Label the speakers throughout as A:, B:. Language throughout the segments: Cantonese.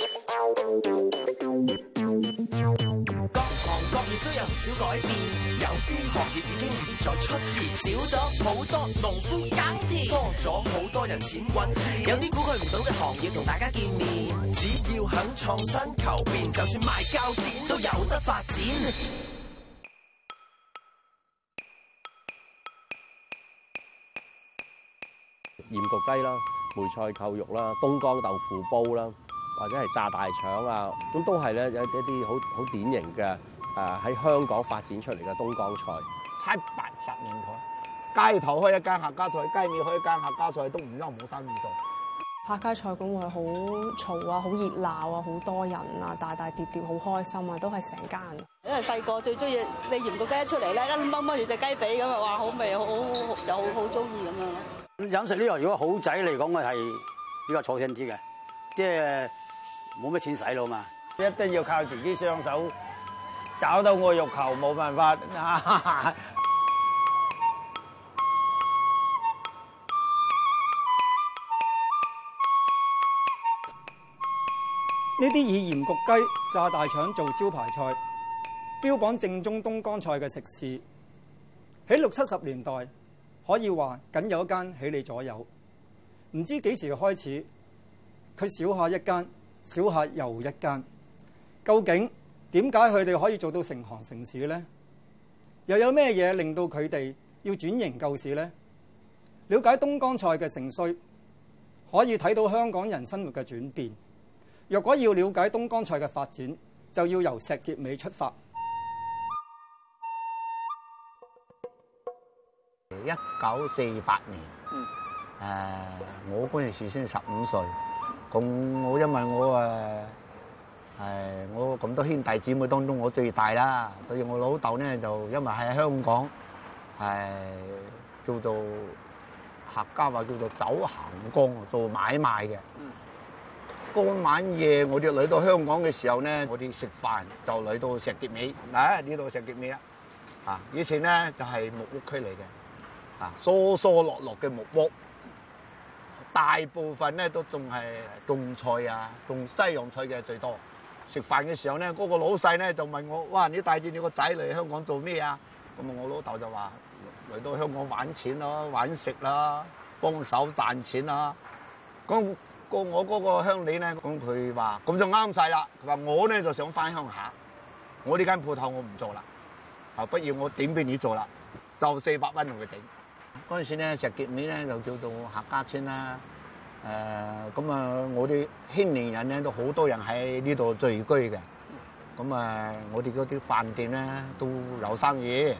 A: 各行各業都有唔少改變，有啲行業已經唔再出現，少咗好多農夫耕
B: 田，多咗好多人剪棍。有啲估佢唔到嘅行業同大家見面，只要肯創新求變，就算賣膠剪都有得發展。鹽焗雞啦，梅菜扣肉啦，東江豆腐煲啦。或者係炸大腸啊，咁都係咧，有一啲好好典型嘅誒喺香港發展出嚟嘅東江菜。
A: 七八十年代，街頭開一間客家菜，街尾開一間客家菜都唔憂冇生意做。
C: 客家菜館會好嘈啊，好熱鬧啊，好多人啊，大大碟碟，好開心啊，都係成間。因為細個最中意你鹽焗雞一出嚟咧，一掹掹住隻雞髀咁啊，話！好味，好有好中意
D: 咁樣咯。飲食呢、這、樣、個、如果好仔嚟講嘅係比較坐正啲嘅，即係。就是冇乜錢使啦嘛！一定要靠自己雙手找到我欲
E: 求，冇辦法。哈哈，
F: 呢啲以鹽焗雞、炸大腸做招牌菜，標榜正宗東江菜嘅食肆，喺六七十年代可以話僅有一間喺你左右。唔知幾時開始，佢少下一間。小客又一間，究竟點解佢哋可以做到成行成市呢？又有咩嘢令到佢哋要轉型救市呢？了解東江菜嘅盛衰，可以睇到香港人生活嘅轉變。若果要了解東江菜嘅發展，就要由石硤尾出發。一九四八
A: 年，誒、嗯啊、我嗰陣時先十五歲。咁我因為我誒我咁多兄弟姊妹當中我最大啦，所以我老豆咧，就因為喺香港係叫做客家話叫做走行工做買賣嘅。嗰晚夜我哋嚟到香港嘅時候咧，我哋食飯就嚟到石碟尾嗱，呢度石硤尾啊，尾啊以前咧就係木屋區嚟嘅，啊疏疏落落嘅木屋。大部分咧都仲係種菜啊，種西洋菜嘅最多。食飯嘅時候咧，嗰、那個老細咧就問我，哇，你帶住你個仔嚟香港做咩啊？咁啊，我老豆就話：嚟到香港玩錢咯、啊，玩食啦、啊，幫手賺錢啦、啊、咁我嗰個鄉里咧，咁佢話，咁就啱晒啦。佢話我咧就想翻鄉下，我呢間鋪頭我唔做啦，啊，不如我點俾你做啦，就四百蚊同佢頂。嗰陣時咧，石硤尾咧就叫做客家村啦。誒、呃，咁啊，我哋年輕人咧都好多人喺呢度聚居嘅。咁啊，我哋嗰啲飯店咧
B: 都有生意。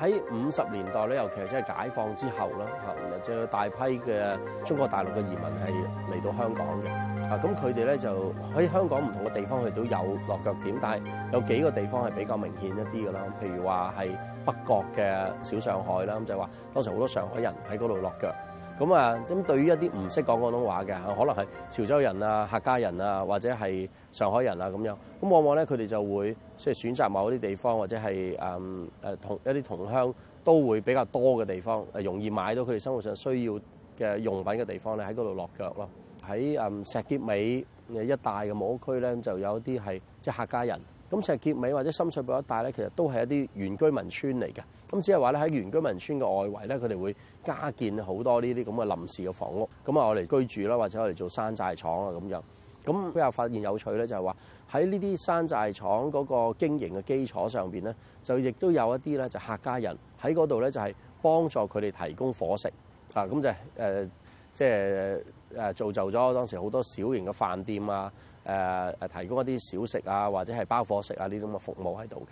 B: 喺五十年代咧，尤其係即係解放之後啦，嚇，就有大批嘅中國大陸嘅移民係嚟到香港嘅。啊，咁佢哋咧就喺香港唔同嘅地方佢都有落腳點，但係有幾個地方係比較明顯一啲嘅啦。譬如話係北角嘅小上海啦，咁就係話當時好多上海人喺嗰度落腳。咁啊，咁對於一啲唔識講廣東話嘅，可能係潮州人啊、客家人啊，或者係上海人啊咁樣，咁往往咧佢哋就會即係選擇某啲地方，或者係、嗯、同一啲同鄉都會比較多嘅地方，誒容易買到佢哋生活上需要嘅用品嘅地方咧，喺嗰度落腳咯。喺誒石硤尾誒一帶嘅木屋區咧，就有啲係即係客家人。咁石硤尾或者深水埗一帶咧，其實都係一啲原居民村嚟嘅。咁只係話咧喺原居民村嘅外圍咧，佢哋會加建好多呢啲咁嘅臨時嘅房屋，咁啊，我嚟居住啦，或者我嚟做山寨廠啊，咁樣咁。佢又發現有趣咧，就係話喺呢啲山寨廠嗰個經營嘅基礎上邊咧，就亦都有一啲咧就客家人喺嗰度咧，就係幫助佢哋提供伙食啊。咁就誒即係。呃就是誒造就咗當時好多小型嘅飯店啊，誒、呃、誒提供一啲小食啊，或者係包伙食啊呢啲咁嘅服務喺度嘅。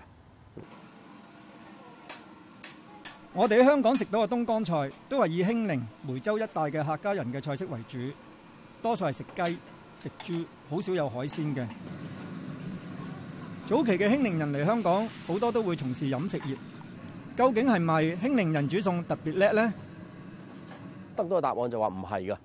F: 我哋喺香港食到嘅東江菜都是，都係以興寧梅州一帶嘅客家人嘅菜式為主，多數係食雞食豬，好少有海鮮嘅。早期嘅興寧人嚟香港，好多都會從事飲食業。究竟係咪興寧人煮餸特別叻咧？得到
B: 嘅答案就話唔係㗎。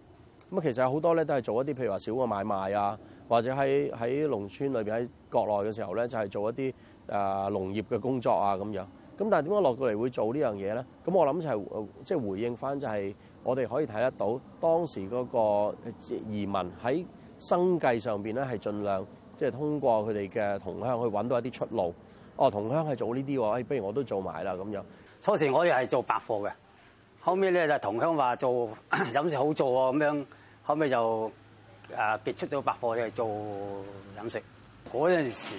B: 咁其實好多咧都係做一啲譬如話小嘅買賣啊，或者喺喺農村裏邊喺國內嘅時候咧，就係做一啲誒農業嘅工作啊咁樣。咁但係點解落到嚟會做這件事呢樣嘢咧？咁我諗就係即係回應翻，就係我哋可以睇得到當時嗰個移民喺生計上邊咧係盡量即係通過佢哋嘅同鄉去搵到一啲出路。哦，同鄉係做呢啲，不如我都
D: 做埋啦咁樣。初時我哋係做百貨嘅。後尾咧就同鄉話做呵呵飲食好做喎咁樣，後尾就誒、啊、結出咗百貨嚟做飲食。嗰陣時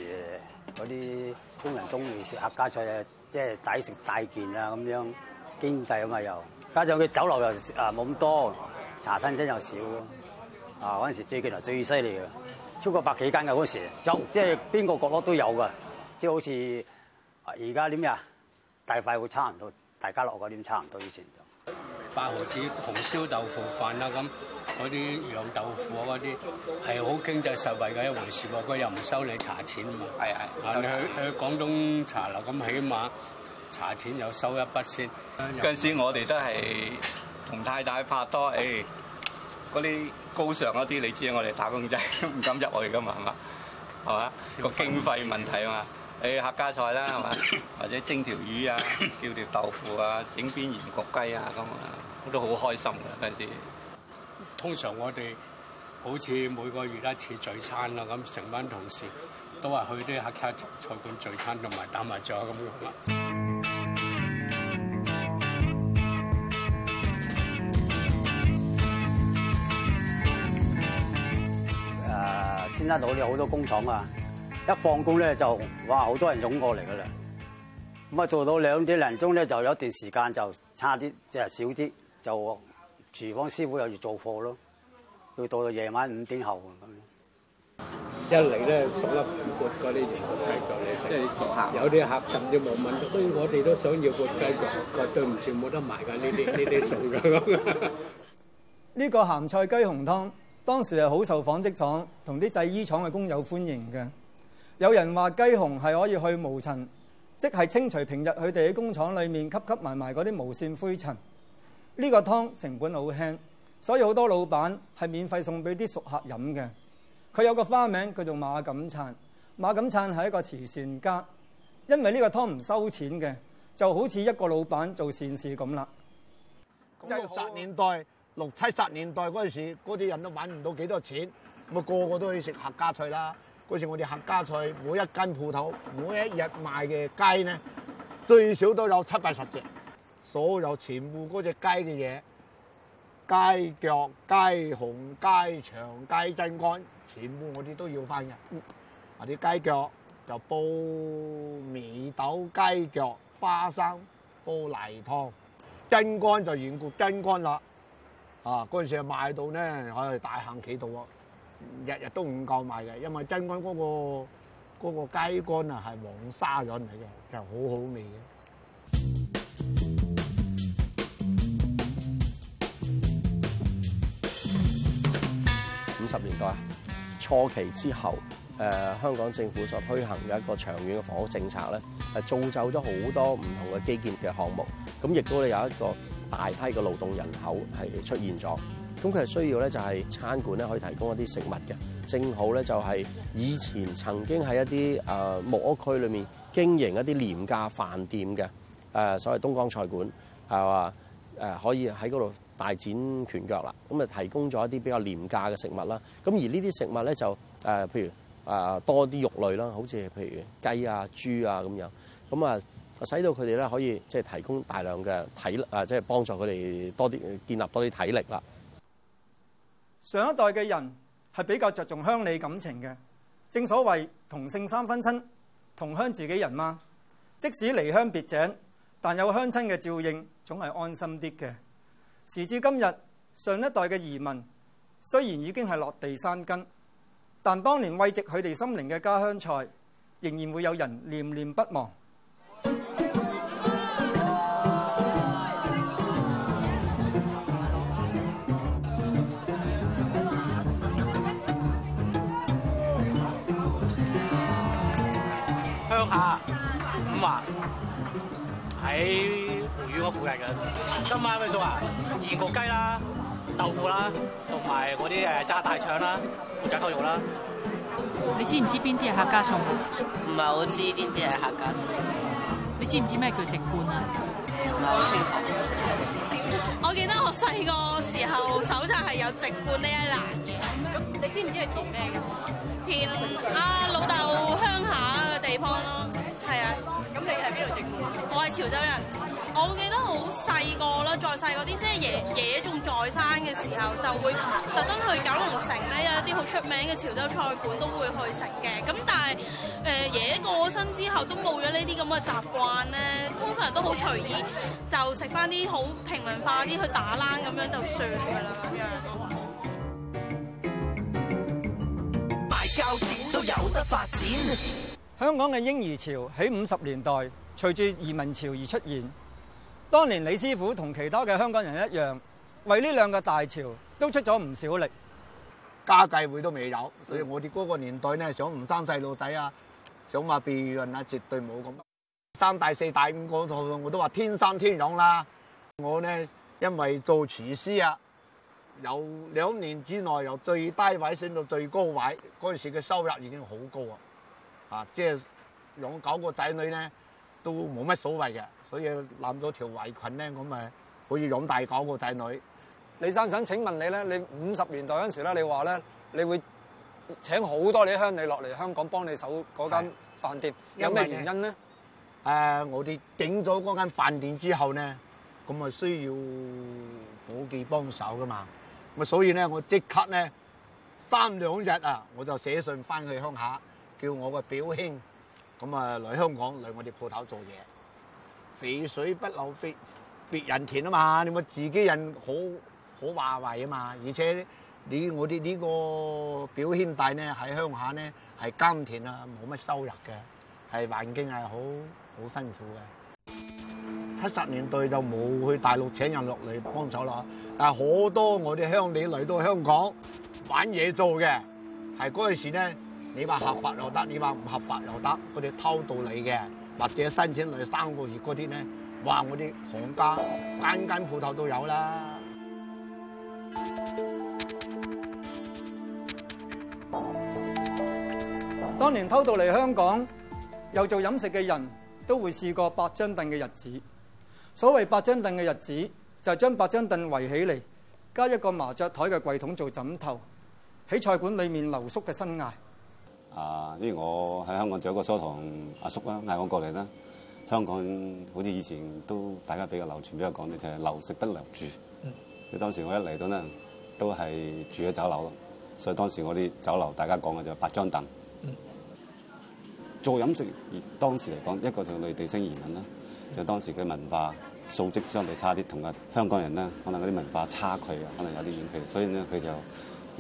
D: 嗰啲工人中意食客家菜啊，即係抵食大件啊咁樣，經濟啊嘛又，加上佢酒樓又啊冇咁多，茶餐廳又少，啊嗰陣、啊、時最幾頭最犀利嘅，超過百幾間嘅嗰時，就即係邊個角落都有㗎，即係好似而家點呀？啊大快活差唔多，大家樂嗰啲差唔多以前八毫子紅燒豆腐飯啦，咁嗰啲釀豆腐啊，嗰啲係好經濟實惠嘅一回事
B: 喎，佢又唔收你茶錢嘛。係、哎、係。啊，你去去廣東茶樓咁，起碼
F: 茶錢又收一筆先。嗰陣時我哋都係同太太拍拖，誒、哎，嗰啲高尚嗰啲，你知我哋打工仔唔敢入去㗎嘛，係嘛？係嘛？個經費問題啊嘛。誒，客家菜啦，係嘛？ 或者蒸條魚啊，叫條豆腐啊，整邊鹽焗雞啊，咁啊，都好開心嘅。嗰陣時
B: 通常我哋好似每個月一次聚餐啦，咁成班同事都係去啲客家菜館聚餐，同埋打麻雀咁。誒，尖沙
D: 咀有好多工廠啊！一放工咧就哇，好多人湧過嚟噶啦。咁啊做到兩點零鐘咧，就有一段時間就差啲即係少啲，就廚、是、房師傅又要做貨咯。要到到夜晚五點後咁樣一嚟咧，十粒半骨嗰啲全部睇在你身上、就是，有啲客甚至冇問，都我
B: 哋都想要半雞腳，絕 對唔住冇得賣噶。呢啲呢啲數噶咁。
F: 呢 個鹹菜雞紅湯當時係好受紡織廠同啲製衣廠嘅工友歡迎嘅。有人話雞紅係可以去毛塵，即係清除平日佢哋喺工廠裏面吸吸埋埋嗰啲無線灰塵。呢個湯成本好輕，所以好多老闆係免費送俾啲熟客飲嘅。佢有個花名，叫做馬錦燦，馬錦燦係一個慈善家，因為呢個湯唔收錢嘅，就好似一個老闆做善事咁啦。
A: 即係六十年代、六七十年代嗰陣時，嗰啲人都揾唔到幾多錢，咪個個都去食客家菜啦。嗰時我哋客家菜每一間鋪頭，每一日賣嘅雞呢，最少都有七八十隻。所有全部嗰隻雞嘅嘢，雞腳、雞紅、雞腸、雞真乾，全部我哋都要翻嘅。啊、嗯、啲雞腳就煲味豆雞腳花生煲泥湯，真乾就原故真乾啦。啊，嗰陣時賣到呢，我係大行其道啊！日日都唔夠賣嘅，因為真安嗰個嗰、嗰個雞肝啊，係黃沙潤嚟嘅，就好好味嘅。
B: 五十年代初期之後、呃，香港政府所推行嘅一個長遠嘅房屋政策咧，係、呃、造就咗好多唔同嘅基建嘅項目，咁亦都有一個大批嘅勞動人口係出現咗。咁佢係需要咧，就係餐館咧可以提供一啲食物嘅。正好咧，就係以前曾經喺一啲誒木屋區裏面經營一啲廉價飯店嘅誒，所謂東江菜館，係話誒可以喺嗰度大展拳腳啦。咁啊，提供咗一啲比較廉價嘅食物啦。咁而呢啲食物咧就誒，譬如誒多啲肉類啦，好似譬如雞啊、豬啊咁樣。咁啊，使到佢哋咧可以即係提供大量嘅體誒，即係幫助佢哋多啲建立多啲體力啦。
F: 上一代嘅人係比較着重鄉里感情嘅，正所謂同姓三分親，同鄉自己人嘛。即使離鄉別井，但有鄉親嘅照應，總係安心啲嘅。時至今日，上一代嘅移民雖然已經係落地生根，但當年慰藉佢哋心靈嘅家鄉菜，仍然會有人念念不忘。
D: 鄉下咁話，喺梅園嗰附近嘅，今晚咩餸啊？鹽焗雞啦，豆腐啦，同埋嗰啲誒炸大腸啦，紅炸狗肉啦。你
C: 知唔知邊啲係客家餸？唔係好知邊啲係客家餸。你知唔知咩叫籍貫啊？唔係好清楚。我記得我細個時候 手冊係有籍貫呢一欄嘅，咁你知唔知係做咩嘅？片啊老豆鄉下嘅地方咯，係啊。咁你係邊度籍貫？我係潮州人。我記得好細個啦，再細嗰啲即係爺爺仲在生嘅時候，就會特登去九龍城咧，有一啲好出名嘅潮州菜館都會去食嘅。咁但係誒爺爺過咗身之後，都冇咗呢啲咁嘅習慣咧。通常都好隨意，就食翻啲好平民化啲去打冷咁樣就算㗎啦咁樣。教都
A: 有得發
F: 展。香港嘅嬰兒潮喺五十年代，隨住移民潮而出現。當年李師傅同其他嘅香港人一樣，為呢兩個大潮都出咗唔少力。家計會都未有，所以我哋嗰個年代咧，想
A: 唔生細路仔啊，想話避孕啊，絕對冇咁。三大四、大五嗰套，我都話天生天養啦，啊。我呢，因為做廚師啊。由兩年之內由最低位升到最高位，嗰時嘅收入已經好高啊！啊，即係養九個仔女咧，都冇乜所謂嘅，所以攬咗條圍裙咧，咁咪可以養大九個仔女。李生，想
F: 請問你咧，你五十年代嗰時咧，你話咧，你會請好多你鄉里落嚟香港幫你守嗰間飯店，有咩原因咧？誒，我哋頂
A: 咗嗰間飯店之後咧，咁啊需要夥計幫手噶嘛？咁所以咧，我即刻咧，三兩日啊，我就寫信翻去鄉下，叫我個表兄咁啊來香港嚟我哋鋪頭做嘢。肥水不流別別人田啊嘛，你冇自己人好好話為啊嘛。而且你我哋呢個表兄弟咧，喺鄉下咧係耕田啊，冇乜收入嘅，係環境係好好辛苦嘅。七十年代就冇去大陸請人落嚟幫手啦。但係好多我哋鄉里嚟到香港玩嘢做嘅。係嗰陣時咧，你話合法又得，你話唔合法又得，佢哋偷渡嚟嘅，或者申請嚟三個月嗰啲咧，哇！我啲行家間間鋪頭都有啦。
C: 當
F: 年偷渡嚟香港又做飲食嘅人都會試過八張凳嘅日子。所謂八張凳嘅日子。就將、是、八張凳圍起嚟，加一個麻雀台嘅櫃桶做枕頭，喺菜館裏面留宿嘅生涯。
G: 啊，因為我喺香港仲有一個疏堂阿叔啦、啊，嗌我過嚟啦。香港好似以前都大家比較流傳比較講咧，就係、是、留食不留住。嗯，所以當時我一嚟到呢，都係住喺酒樓。所以當時我啲酒樓大家講嘅就係八張凳、嗯。做飲食而當時嚟講，一個就係內地聲移民啦，就係、當時嘅文化。素質相對差啲，同香港人咧，可能嗰啲文化差距啊，可能有啲遠距，所以咧佢就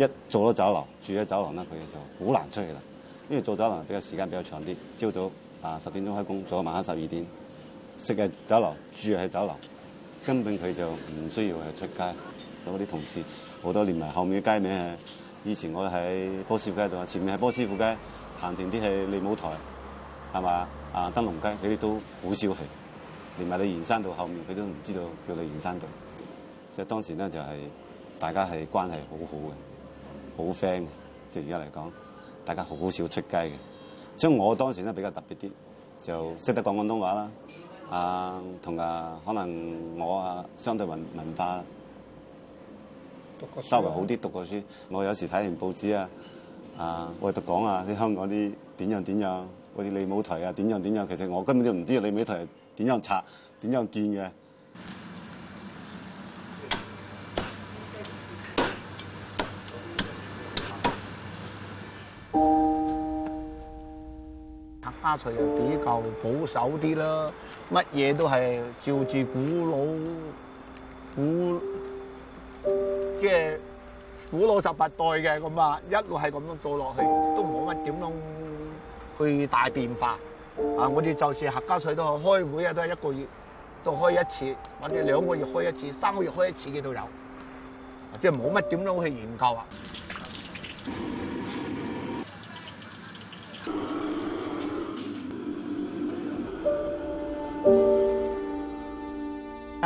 G: 一做咗酒樓，住喺酒樓咧，佢就好難出去啦。因為做酒樓比較時間比較長啲，朝早啊十點鐘開工，做到晚黑十二點，食喺酒樓，住喺酒樓，根本佢就唔需要去出街。嗰啲同事好多年埋後面嘅街名啊，以前我哋喺波斯街度，前面係波斯富街，行前啲係利舞台，係嘛啊燈籠街，呢啲都好少去。連埋李延山道後面，佢都唔知道叫李延山道。即係當時呢，就係大家係關係好好嘅，好 friend。即係而家嚟講，大家好少出街嘅。所以我當時呢，比較特別啲，就識得講廣東話啦。啊，同啊，啊、可能我啊，相對文文化稍微好啲，讀過書。我有時睇完報紙啊，啊，我就講啊，啲香港啲點樣點樣，好似李母提啊，點樣點樣。其實我根本就唔知道李母提。點樣拆？點樣建嘅？
A: 客家菜就比較保守啲啦，乜嘢都係照住古老古即係、就是、古老十八代嘅咁啊，一路係咁樣做落去，都冇乜點樣去大變化。啊！我哋就是客家菜都係開會啊，都係一個月都開一次，或者兩個月開一次，三個月開一次嘅都有，即係冇乜點樣去研究啊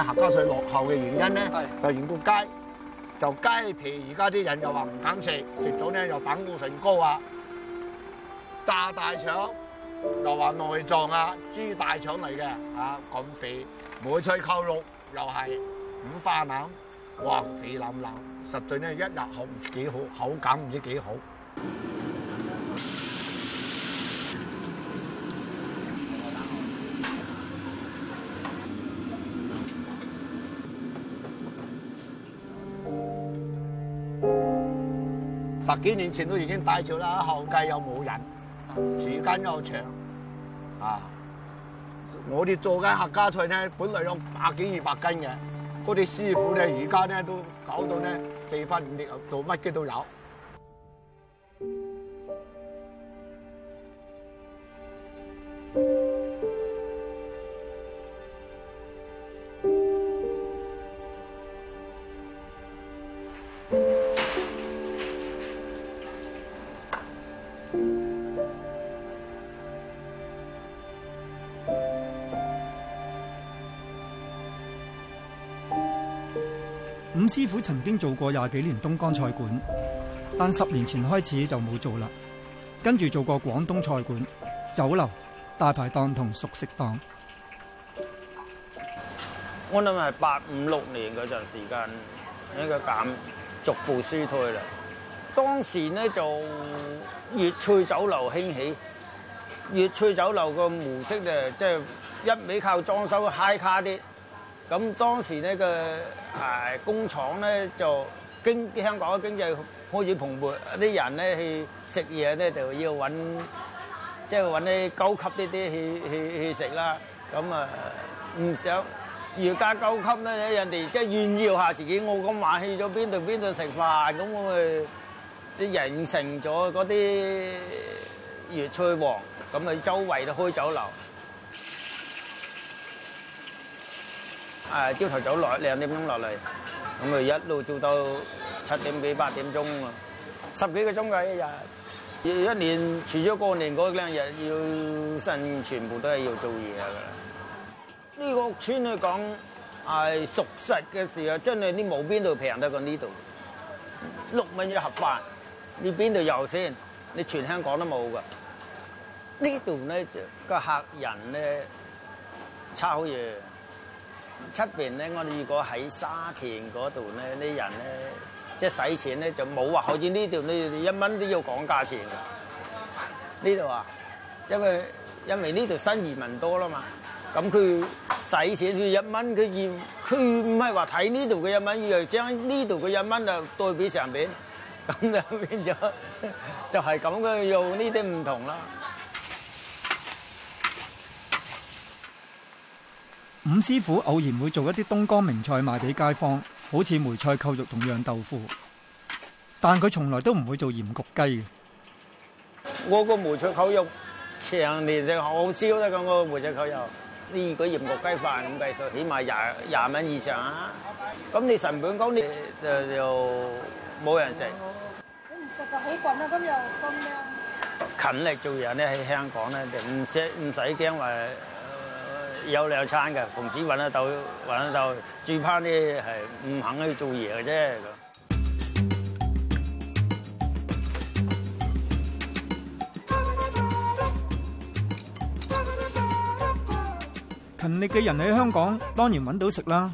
G: 客家菜落後嘅原因咧，
A: 就鹽焗雞，就雞皮。而家啲人不又話唔敢食，食到咧又膽固醇高啊，炸大腸。又話內臟啊，豬大腸嚟嘅啊，咁肥，梅菜扣肉又係五花腩，黃皮腍腍，實在呢，一入口唔知幾好，口感唔知幾好。十幾年前都已經大潮啦，後繼又冇人。時間又長，啊！我哋做嘅客家菜呢，本來有百幾二百斤嘅，嗰啲師傅呢，而家呢都搞到呢四分五裂，做乜嘢都有。
F: 師傅曾經做過廿幾年東江菜館，但十年前開始就冇做啦。跟住做過廣東菜館、酒樓、大排檔同熟食檔。
E: 我諗係八五六年嗰陣時間，呢個減逐步衰退啦。當時呢，就粵菜酒樓興起，粵菜酒樓個模式就即係一味靠裝修嗨卡啲。咁當時呢個誒工廠咧就經香港嘅經濟開始蓬勃，啲人咧去食嘢咧就要揾，即係揾啲高級呢啲去去去食啦。咁啊唔想越加高級咧，人哋即係炫耀下自己，我今晚去咗邊度邊度食飯，咁啊即係形成咗嗰啲粵菜王，咁啊周圍都開酒樓。誒朝頭早落兩點鐘落嚟，咁咪一路做到七點幾八點鐘喎，十幾個鐘嘅一日。一年除咗過年嗰兩日要瞓，全部都係要做嘢嘅。呢、這個村去講係熟實嘅事啊！真係啲冇邊度平得過呢度，六蚊一盒飯，你邊度有先？你全香港都冇㗎。這呢度咧就個客人咧，差好嘢。出邊咧？我哋如果喺沙田嗰度咧，啲人咧即係使錢咧就冇話，好似呢度呢，一蚊都要講價錢㗎。呢度啊，因為因為呢度新移民多啦嘛，咁佢使錢佢一蚊佢要，佢唔係話睇呢度嘅一蚊，而係將呢度嘅一蚊啊對比上邊，咁就變咗就係咁嘅，用呢啲唔同啦。
F: 五師傅偶然會做一啲東江名菜賣俾街坊，好似梅菜扣肉同釀豆腐，但佢從來都唔會做鹽焗雞嘅。
E: 我個梅菜扣肉長年就好好燒啦，咁個梅菜扣肉，呢個鹽焗雞飯咁計數，起碼廿廿蚊以上啊。咁你成本高，你就又冇人食。好唔食就好滾啊！今日咁靚，勤力做人咧，喺香港咧就唔使唔使驚話。有兩餐嘅，奉旨揾得到，揾得到。最怕咧係唔肯去做嘢嘅啫。
F: 勤力嘅人喺香港當然揾到食啦，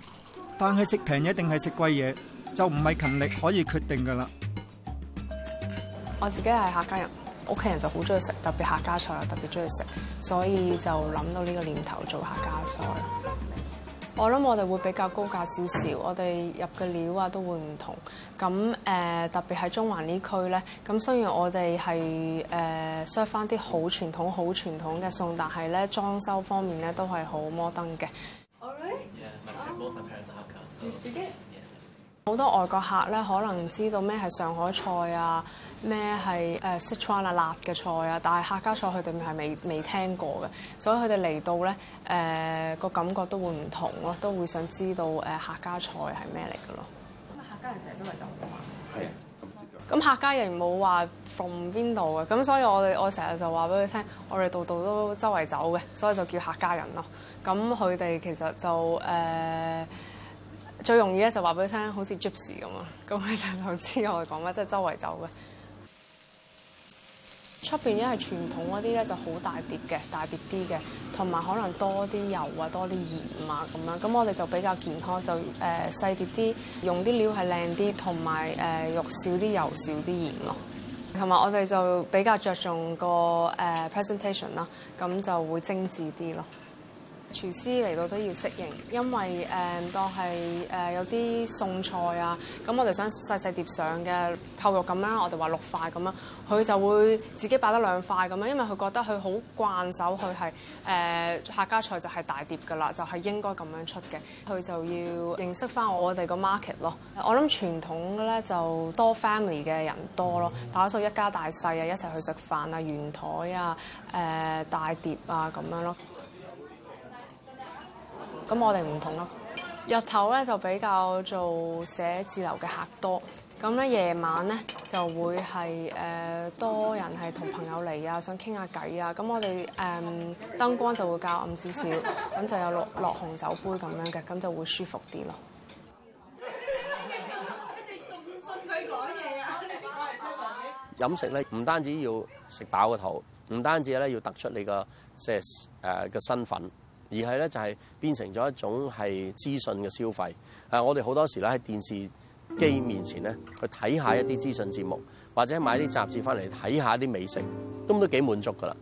F: 但係食平嘢定係食貴嘢就唔係勤力可以決定㗎啦。
C: 我自己係客家人，屋企人就好中意食，特別客家菜又特別中意食。所以就諗到呢個念頭做下家餸。我諗我哋會比較高價少少，我哋入嘅料啊都會唔同。咁誒、呃、特別係中環呢區咧，咁雖然我哋係誒 serve 翻啲好傳統、好傳統嘅餸，但係咧裝修方面咧都係好 modern 嘅。
B: All right? yeah, but
C: 好多外國客咧，可能知道咩係上海菜啊，咩係誒四川啊辣嘅菜啊，但係客家菜佢哋係未未聽過嘅，所以佢哋嚟到咧誒個感覺都會唔同咯，都會想知道誒客家菜係咩嚟嘅咯。咁客家人成日周
E: 圍走㗎
C: 嘛，係啊，咁咁客家人冇話從邊度嘅，咁所以我哋我成日就話俾佢聽，我哋度度都周圍走嘅，所以就叫客家人咯。咁佢哋其實就誒。呃最容易咧就話俾你聽，好似 Gypsy 咁啊，咁樣就知我哋講乜，即係周圍走嘅。出邊因為傳統嗰啲咧就好大碟嘅，大碟啲嘅，同埋可能多啲油啊，多啲鹽啊咁啊。咁我哋就比較健康，就誒、呃、細碟啲，用啲料係靚啲，同埋誒肉少啲，油少啲鹽咯。同埋我哋就比較着重個誒、呃、presentation 啦，咁就會精緻啲咯。廚師嚟到都要適應，因為誒、呃、當係誒、呃、有啲餸菜啊，咁、呃、我哋想細細碟上嘅扣肉咁樣，我哋話六塊咁樣，佢就會自己擺得兩塊咁樣，因為佢覺得佢好慣手，佢係誒客家菜就係大碟㗎啦，就係、是、應該咁樣出嘅，佢就要認識返我哋個 market 咯。我諗傳統咧就多 family 嘅人多咯，大多數一家大細啊，一齊去食飯啊，圓台啊，誒大碟啊咁樣咯。咁我哋唔同咯，日頭咧就比較做寫字樓嘅客多，咁咧夜晚咧就會係誒、呃、多人係同朋友嚟啊，想傾下偈啊，咁我哋誒、呃、燈光就會較暗少少，咁就有落落紅酒杯咁樣嘅，咁就會舒服啲咯。
B: 飲食咧唔單止要食飽個肚，唔單止咧要突出你個 size 誒嘅身份。而係咧就係變成咗一種係資訊嘅消費，我哋好多時候喺電視機面前咧去睇下一啲資訊節目，或者買啲雜誌返嚟睇下啲美食，都唔都幾滿足㗎啦。